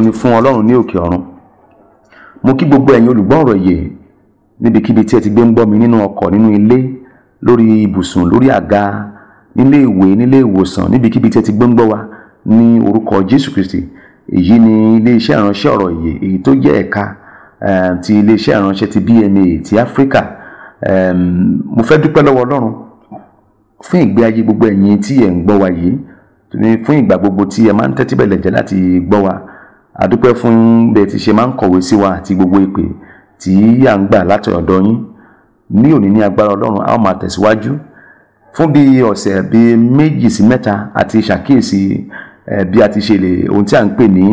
ni fún ọlọ́run ní òkè ọ̀run mo kí gbogbo ẹ̀yin olùgbọ́ ọ̀rọ̀ yìí níbikíbi tí ẹ ti gbé ń gbọ́ mi nínú ọkọ̀ nínú ilé lórí ibùsùn lórí àga nílé ìwé nílé ìwòsàn níbikíbi tí ẹ ti gbé ń gbọ́ wa ní orúkọ Jésù Kristi èyí ni iléeṣẹ́ ìránṣẹ́ ọ̀rọ̀ yìí èyí tó jẹ́ ẹ̀ka eh, ti iléeṣẹ́ ìránṣẹ́ ti BMA ti Áfíríkà eh, mo fẹ́ dúpẹ́ lọ́wọ́ ọlọ́run fún ìgbé ayé gbogbo ẹ̀yin tí ẹ ń gbọ́ wa yìí fún ìgbà gbogbo tí ẹ máa ń tẹ́tí bẹ̀lẹ̀ jẹ́ láti gbọ́ wa adúpẹ́ fún bẹ́ẹ̀ ti ṣe máa ń kọ̀wé sí wa àti gbogbo ìpè tí à ń gbà láti ọ̀dọ̀ yín ní òní ní agbára ọlọ́run a ó máa tẹ̀síwájú fún bí ọ̀sẹ̀ bí méjì sí mẹ́ta àti ṣàkíyèsí bí a ti ṣe lè ohun tí a ń pè ní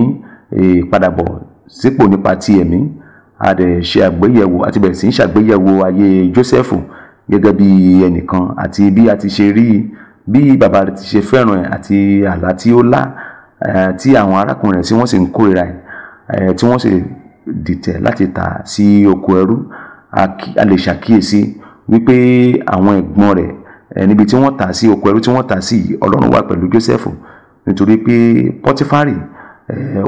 ìpadàbọ̀ sípò nípa ti ẹ̀mí a dẹ̀ ṣe àgbéyẹ̀wò àti bẹ̀rẹ̀ sí ń ṣàgbéyẹ̀wò ayé Joseph gẹ́gẹ́ bí ẹnìkan àti bí a ti ṣe rí bí bàbá rẹ̀ ti ṣe fẹ́ràn àti àlá tí ó lá Eh, tí àwọn arákùnrin rẹ̀ sí wọ́n sì ń kórira ẹ̀ eh, tí wọ́n sì dìtẹ̀ láti tà sí oko ẹrú a lè ṣàkíyèsí wípé àwọn ẹ̀gbọ́n rẹ̀ eh, níbi tí wọ́n tà sí oko ẹrú tí wọ́n tà sí yìí ọlọ́run wà pẹ̀lú Jósẹ́fù nítorí pé Pọ́tífárì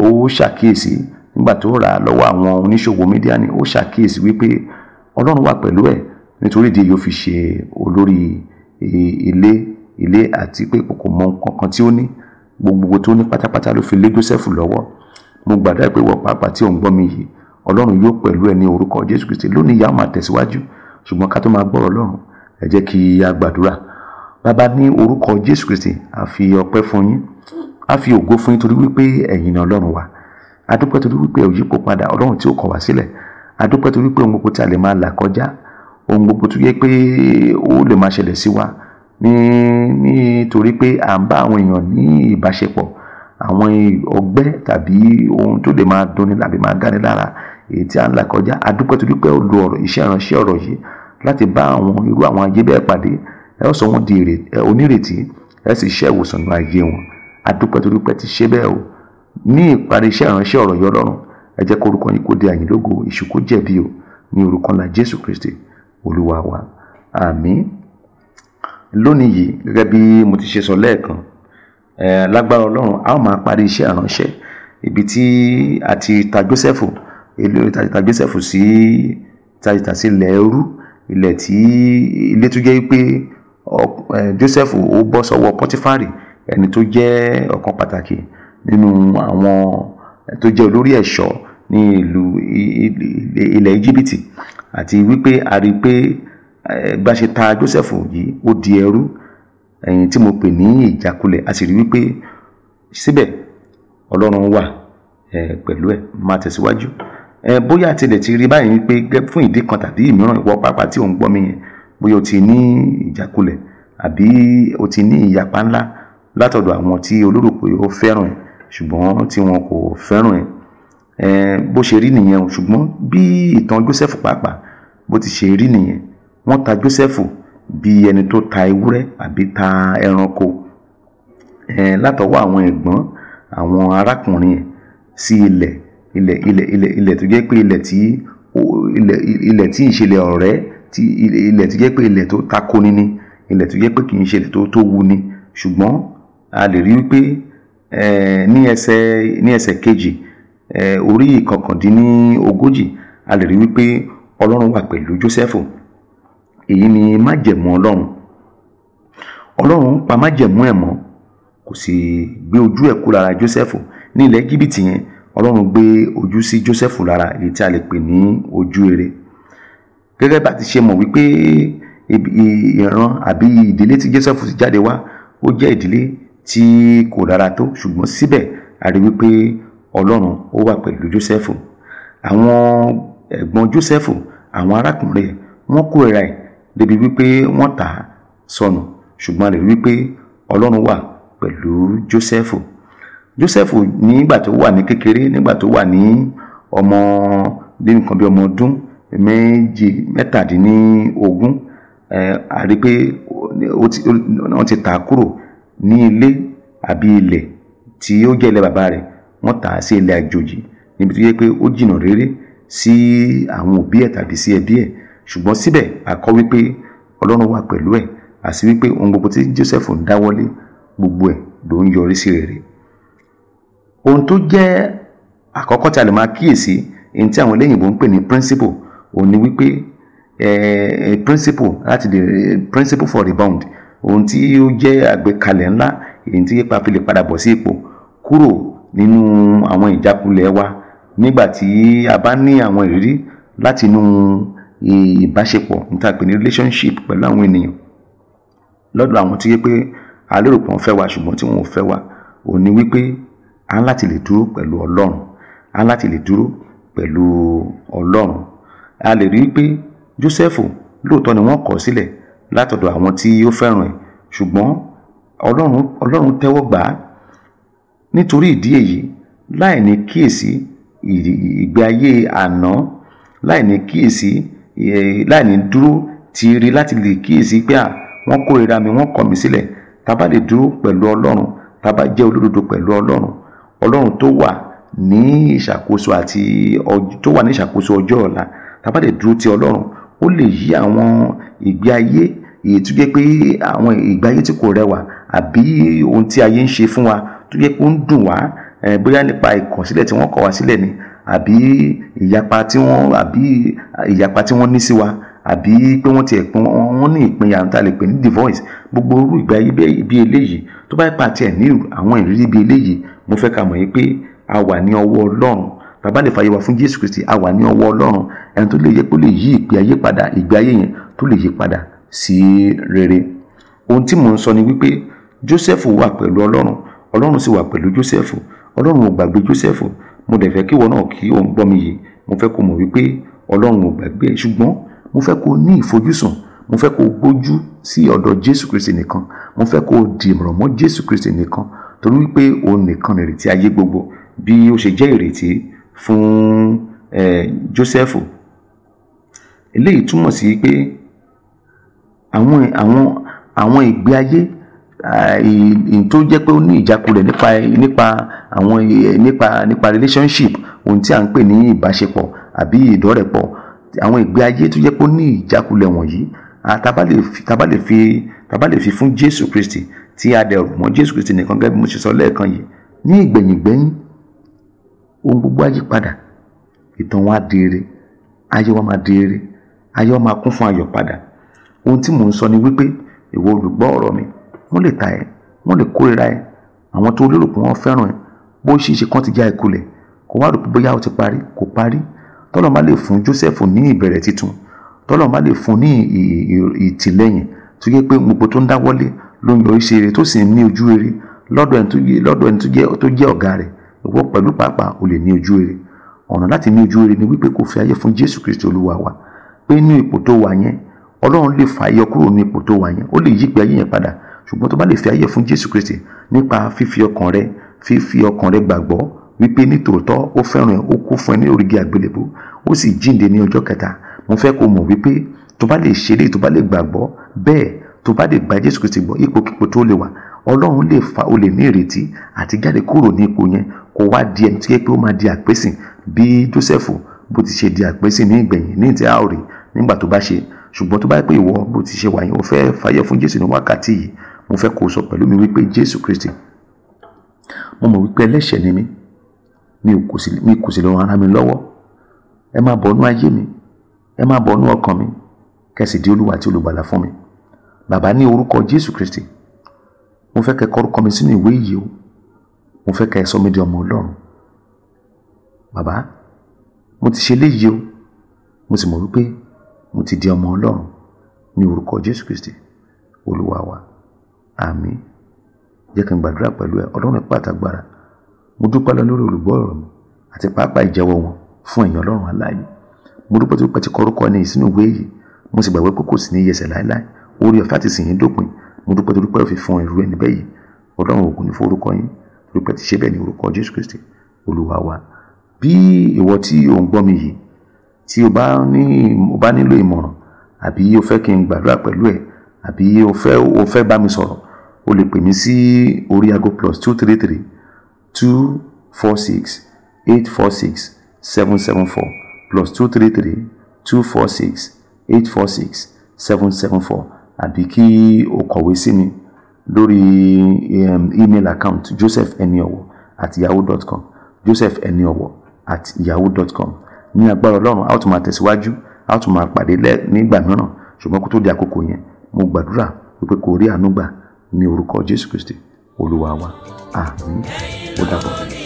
ó ṣàkíyèsí nígbà tó rà á lọ́wọ́ àwọn oníṣòwò Mídíánì ó ṣàkíyèsí wípé ọlọ́run wà pẹ̀lú ẹ̀ nítorí ìdí yóò fi ṣe olórí ilé ilé àti pé kò mọ nǹkan kan tí ó ní gbogbo tó ní pátápátá ló fi lé Joseph lọ́wọ́ mo gbàdá pé wọ pàápàá tí ò gbọ́ mi yìí ọlọ́run yóò pẹ̀lú ẹ orúkọ Jésù Kristi lónìí yàá máa tẹ̀síwájú ṣùgbọ́n ká tó máa gbọ́rọ̀ ọlọ́run ẹ jẹ́ kí a gbàdúrà bàbá ní orúkọ Jésù Kristi a fi ọpẹ́ fún yín a fi ògo fún yín torí wípé ẹ̀yin ni ọlọ́run wa a dúpẹ́ torí wípé ẹ yípo padà ọlọ́run tí ó kọ̀ wá sílẹ̀ a dúpẹ́ torí wípé ohun gbogbo tí a lè máa là kọjá ohun gbogbo tó yẹ pé ó lè máa ṣẹlẹ̀ sí wa ní nítorí pé à ń bá àwọn èèyàn ní ìbáṣepọ̀ àwọn ọgbẹ́ tàbí ohun tó lè máa dunni tàbí máa gani lára èyí tí à ń là kọjá adúpẹ́ torí pé ó lo ọ̀rọ̀ iṣẹ́ ìránṣẹ́ ọ̀rọ̀ yìí láti bá àwọn irú àwọn ayé bẹ́ẹ̀ pàdé ẹ ó sọ wọn di onírètí ẹ sì ṣe ìwòsàn ní ayé wọn adúpẹ́ torí pé ti ṣe bẹ́ẹ̀ o ní ìparí iṣẹ́ ìránṣẹ́ ọ̀rọ̀ yìí ọlọ́run ẹ jẹ́ kó orúkọ yín kó dé àyìn lógo ìṣùkú jẹ̀bi o ní orúkọ ńlá Jésù Kristi olúwa wa àmín lónìí yìí gẹ́gẹ́ bí mo ti ṣe sọ lẹ́ẹ̀kan lágbára ọlọ́run a ó máa parí iṣẹ́ ìránṣẹ́ ibi tí a ti ta Jósẹ́fù ta Jósẹ́fù sí tajìtà sí ilẹ̀ ẹrú ilẹ̀ tí ilé tó jẹ́ pé Jósẹ́fù ó bọ́ sọ́wọ́ Pọ́tífárì ẹni tó jẹ́ ọ̀kan pàtàkì nínú àwọn tó jẹ́ olórí ẹ̀ṣọ́ ní ìlú ilẹ̀ Íjíbítì àti wípé a rí i pé gbàṣẹ eh, ta Joseph yìí ó di ẹrú ẹ̀yìn tí mo pè ní ìjákulẹ̀ a sì rí wípé síbẹ̀ Ọlọ́run wà eh, pẹ̀lú ẹ̀ máa tẹ̀síwájú eh, bóyá tilẹ̀ ti rí báyìí wípé fún ìdí kan tàbí ìmíràn ìwọ pàápàá tí ò gbọ́ mi yẹn bóyá o ti ní ìjákulẹ̀ àbí o ti ní ìyapa ńlá látọ̀dọ̀ àwọn tí olórò pé ó fẹ́ràn ẹ̀ ṣùgbọ́n tí wọn kò fẹ́ràn ẹ̀ bó ṣe rí nìyẹn ṣùgbọ́n bí ìtàn Joseph pàápàá bó ti ṣe rí nìyẹn wọ́n ta Jósẹ́fù bí ẹni tó ta ewúrẹ́ àbí ta ẹranko eh, látọwọ́ àwọn ẹ̀gbọ́n àwọn arákùnrin ẹ̀ sí ilẹ̀ ilẹ̀ ilẹ̀ ilẹ̀ ilẹ̀ tó jẹ́ pé ilẹ̀ tí ilẹ̀ ilẹ̀ tí ìṣẹ̀lẹ̀ ọ̀rẹ́ tí ilẹ̀ tó jẹ́ pé ilẹ̀ tó takoni ni ilẹ̀ tó jẹ́ pé kì í ṣe ilẹ̀ tó tó wu ni ṣùgbọ́n a lè rí wípé eh, ní ẹsẹ̀ ní ẹsẹ̀ kejì eh, orí ìkọkàndínní ogójì a lè rí wípé Ọlọ́run wà pẹ̀lú Jósẹ́fù èyí ni májẹ̀mú ọlọ́run ọlọ́run pa májẹ̀mú ẹ̀ mọ́ kò sì gbé ojú ẹ̀ kú lára Jósẹ́fù ní ilẹ̀ Íjíbítì yẹn ọlọ́run gbé ojú sí Jósẹ́fù lára èyí tí a lè pè ní ojú rere gẹ́gẹ́ bá ti ṣe mọ̀ wípé ìran àbí ìdílé tí Jósẹ́fù ti jáde wá ó jẹ́ ìdílé tí kò dára tó ṣùgbọ́n síbẹ̀ a rí wípé ọlọ́run ó wà pẹ̀lú Jósẹ́fù àwọn ẹ̀gbọ́n Jósẹ́fù àwọn arákùnrin ẹ̀ wọ́n kórìíra ẹ̀ débi wípé wọ́n tà á sọnù ṣùgbọ́n rẹ̀ wípé ọlọ́run wà pẹ̀lú Joseph Jósẹ́fù nígbà tó wà ní kékeré nígbà tó wà ní ọmọ ní nǹkan bí ọmọ ọdún méjì mẹ́tàdínlógún a rí pé wọ́n ti tà á kúrò ní ilé àbí ilẹ̀ tí ó jẹ́ ilẹ̀ bàbá rẹ̀ wọ́n tà á sí ilẹ̀ àjòjì níbi tó yẹ pé ó jìnnà réré sí àwọn òbí ẹ̀ tàbí sí ẹbí ẹ̀ ṣùgbọ́n síbẹ̀ àkọ́ wípé ọlọ́run wà pẹ̀lú ẹ̀ àti wípé ohun gbogbo tí Joseph ń dáwọ́lé gbogbo ẹ̀ ló ń yọrí sí rere ohun tó jẹ́ àkọ́kọ́ tí a lè máa kíyèsí èyí tí àwọn eléyìnbó ń pè ní principle òun wípé principle láti the principle for rebound ohun tí ó jẹ́ àgbékalẹ̀ ńlá èyí tí yípa fi lè padà bọ̀ sí ipò kúrò nínú àwọn ìjákulẹ̀ wa nígbà tí a bá ní àwọn ìrírí láti inú ìbáṣepọ̀ níta pè ní relationship pẹ̀lú àwọn ènìyàn lọ́dọ̀ àwọn tí yé pé alérò pọ̀ ń fẹ́ wa ṣùgbọ́n tí wọn ò fẹ́ wa ò ní wípé a ń láti lè dúró pẹ̀lú ọlọ́run a ń láti lè dúró pẹ̀lú ọlọ́run a lè rí pé Jósẹ́fù lóòótọ́ ni wọ́n kọ̀ sílẹ̀ látọ̀dọ̀ àwọn tí ó fẹ́ràn ẹ̀ ṣùgbọ́n ọlọ́run ọlọ́run tẹ́wọ́ gbà á nítorí ìdí èyí láì ní kíyèsí ìgbé ayé àná láì ní kíyèsí láì ní dúró ti rí láti lè kíyèsí pé à wọ́n kórìíra mi wọ́n kọ̀ mí sílẹ̀ tábà lè dúró pẹ̀lú ọlọ́run tábà jẹ́ olódodo pẹ̀lú ọlọ́run ọlọ́run tó wà ní ìṣàkóso àti tó wà ní ìṣàkóso ọjọ́ ọ̀la tábà lè dúró ti ọlọ́run ó lè yí àwọn ìgbé ayé èyí tó jẹ́ pé àwọn ìgbé ayé tí kò rẹwà àbí ohun tí ayé ń ṣe fún wa tó jẹ́ pé ó ń dùn wá bóyá nípa ìkọ̀sílẹ̀ tí wọ́n kọ̀ wá sílẹ̀ ni àbí ìyapa tí wọ́n àbí ìyapa tí wọ́n ní sí wa àbí pé wọ́n tiẹ̀ pé wọ́n ní ìpínyà tá a lè pè ní divorce gbogbo irú ìgbé ayé bí eléyìí tó bá pa tiẹ̀ ní àwọn ìrírí bí eléyìí mo fẹ́ ka mọ̀ yín pé a wà ní ọwọ́ Ọlọ́run bàbá lè fàyè wá fún Jésù Kristi a wà ní ọwọ́ Ọlọ́run ẹni tó lè yẹ kó lè yí ìgbé ayé padà ìgbé ayé yẹn tó lè yí padà sí rere ohun tí mò ń sọ ni wípé Jósẹ́fù wà pẹ̀lú Ọlọ́run Ọlọ́run sì wà pẹ̀lú Jósẹ́fù Ọlọ́run ò gbàgbé Jósẹ́fù mo dẹ̀ fẹ́ kí ìwọ náà kí òun gbọ́ mi yìí mo fẹ́ kó mọ̀ wípé ọlọ́run ò gbàgbé e. ṣùgbọ́n mo fẹ́ kó ní ìfojúsùn mo fẹ́ kó gbójú sí ọ̀dọ̀ jésù kristi nìkan mo fẹ́ kó dìmọ̀ràn mọ́ jésù kristi nìkan torí wípé òun nìkan nìrètí ayé gbogbo bí ó ṣe jẹ́ ìrètí fún joseph eléyìí túmọ̀ sí pé àwọn àwọn àwọn ìgbé ayé tó jẹ́ pé ó ní ìjákulẹ̀ nípa nípa àwọn nípa nípa relationship ohun tí à ń pè ní ìbáṣepọ̀ àbí ìdọ́rẹ̀pọ̀ àwọn ìgbé ayé tó jẹ́ pé ó ní ìjákulẹ̀ wọ̀nyí tàbá lè fi tàbá lè fi tàbá lè fi fún Jésù Kristi tí a dẹ̀ mọ́ Jésù Kristi nìkan gẹ́gẹ́ bí mo ṣe sọ lẹ́ẹ̀kan yìí ní ìgbẹ̀yìngbẹ́yìn ohun gbogbo á yí padà ìtàn wa di ayé wa máa di ayé wa máa kún fún ayọ̀ padà ohun tí mò ń sọ ni wípé ìwọ olùgbọ́ ọ̀rọ̀ mi wọ́n lè ta ẹ̀ wọ́n lè kórira ẹ̀ àwọn tó lérò pé wọ́n fẹ́ràn ẹ̀ bó ṣe ṣe kán ti já ẹ kulẹ̀ kò wá rò pé bóyá ó ti parí kò parí tọ́lọ́ má lè fún Joseph ní ìbẹ̀rẹ̀ titun tọ́lọ́ má lè fún ní ìtìlẹ́yìn tó yẹ pé gbogbo tó ń dáwọ́lé ló ń yọrí ṣe eré tó sì ń ní ojú rere lọ́dọ̀ ẹni tó jẹ́ ọ̀gá rẹ̀ ìwọ pẹ̀lú pàápàá o lè ní ojú rere ọ̀nà láti ní ojú rere ni wípé kò fi ayé fún Jésù Kristi Olúwa wa pé inú ipò tó wà yẹn Ọlọ́run lè fà yọ kúrò ní ipò tó wà yẹn ó lè yí ayé yẹn padà ṣùgbọ́n tó bá lè fi ayé fún Jésù Kristi nípa fífi ọkàn rẹ fífi ọkàn rẹ gbàgbọ́ wípé nítòótọ́ ó fẹ́ràn ẹ ó kú fún ẹ ní òrìgì àgbélébó ó sì jíǹde ní ọjọ́ kẹta mo fẹ́ kó mọ̀ wípé tó bá lè ṣeré tó bá lè gbàgbọ́ bẹ́ẹ̀ tó bá lè gba Jésù Kristi gbọ́ ipòkípò tó lè wà Ọlọ́run lè fa o lè ní ìrètí àti jáde kúrò ní ipò yẹn kó wá di ẹni tó yẹ pé ó máa di àpèsìn bí Jósẹ́fù bó ti ṣe di àpèsìn ní ìgbẹ̀yìn ní ìtẹ́ àórè nígbà tó bá ṣe ṣùgbọ́n tó bá pè wọ́ bó ti ṣe wà yẹn fẹ́ fàyè fún Jésù ní wákàtí yìí mo fẹ́ kó sọ pẹ̀lú mi wípé jésù kristi mo mọ̀ wípé ẹlẹ́ṣẹ̀ ni mí mi kò sì lè ran ara mi lọ́wọ́ ẹ máa bọ̀nú ayé mi ẹ máa bọ̀nú ọkàn mi kẹsì di olúwa àti olùgbàlà fún mi bàbá ní orúkọ jésù kristi mo fẹ́ kẹ́ kọ orúkọ mi sínú ìwé yìí o mo fẹ́ kẹ́ sọ mi di ọmọ ọlọ́run bàbá mo ti ṣe léyìí o mo sì mọ̀ wípé mo ti di ọmọ ọlọ́run ní orúkọ jésù kristi olúwa wa àmín jẹ́ kí n gbàdúrà pẹ̀lú ẹ ọlọ́run ẹ̀pá àtàgbára mo dúpẹ́ lọ lórí olùgbọ́ ọ̀rọ̀ mi àti pàápàá ìjẹ́wọ́ wọn fún ẹ̀yin ọlọ́run aláàyè mo dúpẹ́ tó pẹ́ ti kọ́rúkọ ní ìsínú ìwé yìí mo sì gbàgbé pé kò sí ní yẹsẹ̀ láéláé orí ọ̀fẹ́ àti sìn yín dópin mo dúpẹ́ tó dúpẹ́ òfin fún irú ẹni bẹ́yìí ọlọ́run ògùn ní forúkọ yín dúpẹ́ ti ṣe bẹ́ẹ̀ ní orúkọ jésù kristi olúwa wa bí ìwọ tí ò ń gbọ́ mi yìí tí o bá ní o bá nílò ìmọ̀ràn àbí o fẹ́ kí n gbàdúrà pẹ̀lú ẹ àbí o fẹ́ bá mi sọ̀rọ̀ o lè pè mí sí orí aago plus two three three two four six eight four six seven seven four plus two three three two four six eight four six seven seven four àbí kí o kọ̀wé sí mi lórí um, email account joseph eniowo at yahoo dot com joseph eniowo at yahoo dot com ní agbára ọlọ́run a ó tún máa tẹ̀síwájú a ó tún máa pàdé nígbà mìíràn ṣùgbọ́n kó tó di àkókò yẹn mo gbàdúrà wípé kò rí àánú gbà ní orúkọ Jésù Kristi olúwa wa àmín ó dàbọ̀.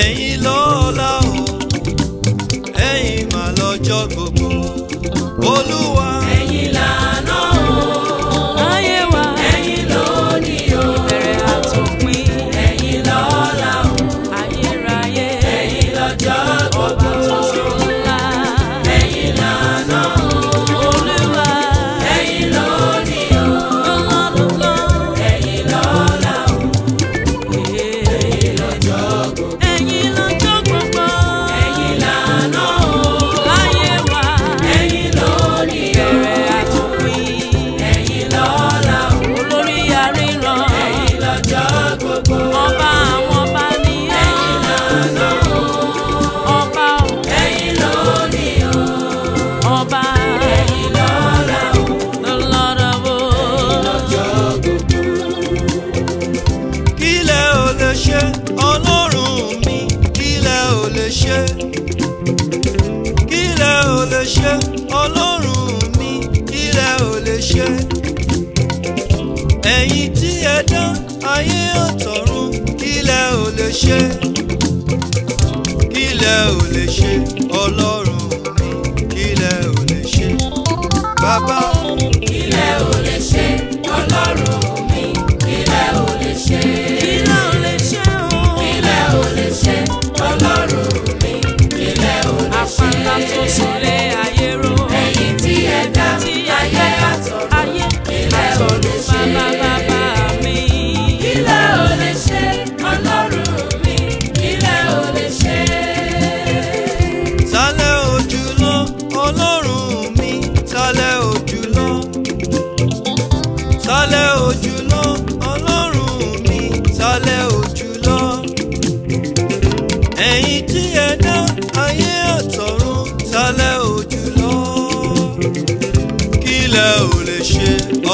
ẹ̀yin lọ́la o ẹ̀yin mà lọ́jọ́ gbogbo. ṣe ilẹ̀ ò lè ṣe ọlọ́run mi ilẹ̀ ò lè ṣe bàbá.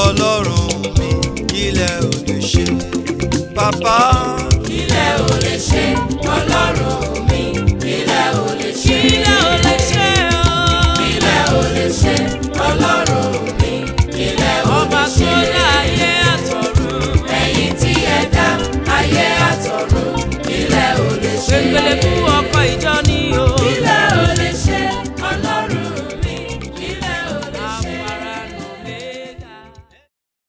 ọlọ́run mi ilẹ̀ ò lè ṣe bàbá. ilẹ̀ ò lè ṣe ọlọ́run mi ilẹ̀ ò lè ṣe. ilẹ̀ ò lè ṣe ọ́. Oh. ilẹ̀ ò ṣe ọlọ́run mi ilẹ̀ ò ṣe. ọba tó dá ayé àtọ̀run. ẹ̀yin tí ẹ dá ayé àtọ̀run ilẹ̀ ò ṣe. pépélé fún ọ.